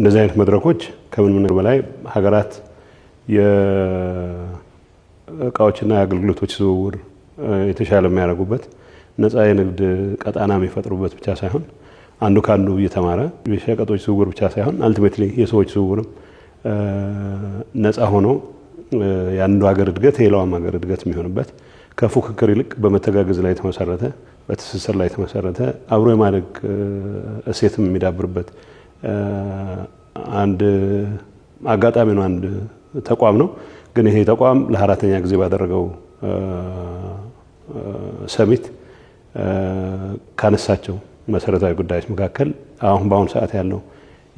እንደዚህ አይነት መድረኮች ከምን ምን በላይ ሀገራት የእቃዎችና የአገልግሎቶች ዝውውር የተሻለ የሚያደርጉበት ነፃ የንግድ ቀጣና የሚፈጥሩበት ብቻ ሳይሆን አንዱ ከአንዱ እየተማረ የሸቀጦች ዝውውር ብቻ ሳይሆን አልቲሜትሊ የሰዎች ዝውውርም ነፃ ሆኖ የአንዱ ሀገር እድገት የሌላውም ሀገር እድገት የሚሆንበት ከፉክክር ይልቅ በመተጋገዝ ላይ የተመሰረተ በትስስር ላይ የተመሰረተ አብሮ የማደግ እሴትም የሚዳብርበት አንድ አጋጣሚ ነው። አንድ ተቋም ነው። ግን ይሄ ተቋም ለአራተኛ ጊዜ ባደረገው ሰሚት ካነሳቸው መሰረታዊ ጉዳዮች መካከል አሁን በአሁኑ ሰዓት ያለው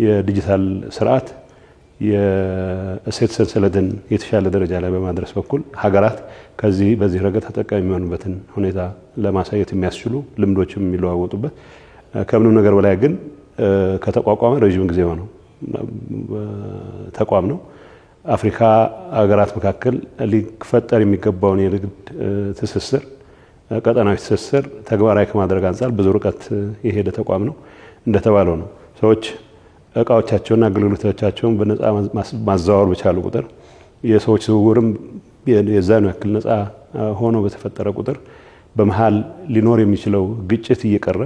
የዲጂታል ስርዓት የእሴት ሰንሰለትን የተሻለ ደረጃ ላይ በማድረስ በኩል ሀገራት ከዚህ በዚህ ረገድ ተጠቃሚ የሚሆኑበትን ሁኔታ ለማሳየት የሚያስችሉ ልምዶችም የሚለዋወጡበት ከምንም ነገር በላይ ግን ከተቋቋመ ረዥም ጊዜ ሆነው ተቋም ነው። አፍሪካ ሀገራት መካከል ሊፈጠር የሚገባውን የንግድ ትስስር፣ ቀጠናዊ ትስስር ተግባራዊ ከማድረግ አንጻር ብዙ ርቀት የሄደ ተቋም ነው። እንደተባለው ነው ሰዎች እቃዎቻቸውና አገልግሎቶቻቸውን በነፃ ማዘዋወር በቻሉ ቁጥር የሰዎች ዝውውርም የዛኑ ያክል ነፃ ሆኖ በተፈጠረ ቁጥር በመሀል ሊኖር የሚችለው ግጭት እየቀረ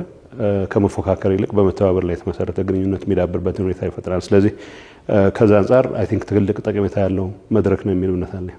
ከመፎካከር ይልቅ በመተባበር ላይ የተመሰረተ ግንኙነት የሚዳብርበትን ሁኔታ ይፈጥራል። ስለዚህ ከዛ አንጻር አይ ቲንክ ትልቅ ጠቀሜታ ያለው መድረክ ነው የሚል እምነት አለኝ።